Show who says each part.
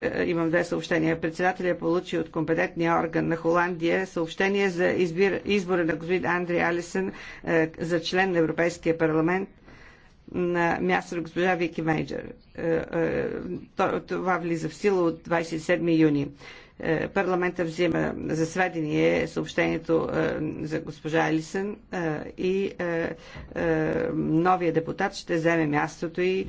Speaker 1: Е, имам две съобщения. Председателя получи от компетентния орган на Холандия съобщение за избир, избора на господин Андри Алисън е, за член на Европейския парламент на място на госпожа Вики Мейджер. Е, е, това влиза в сила от 27 юни. Е, парламента взима за сведение съобщението е, за госпожа Елисън и новия депутат
Speaker 2: ще вземе мястото и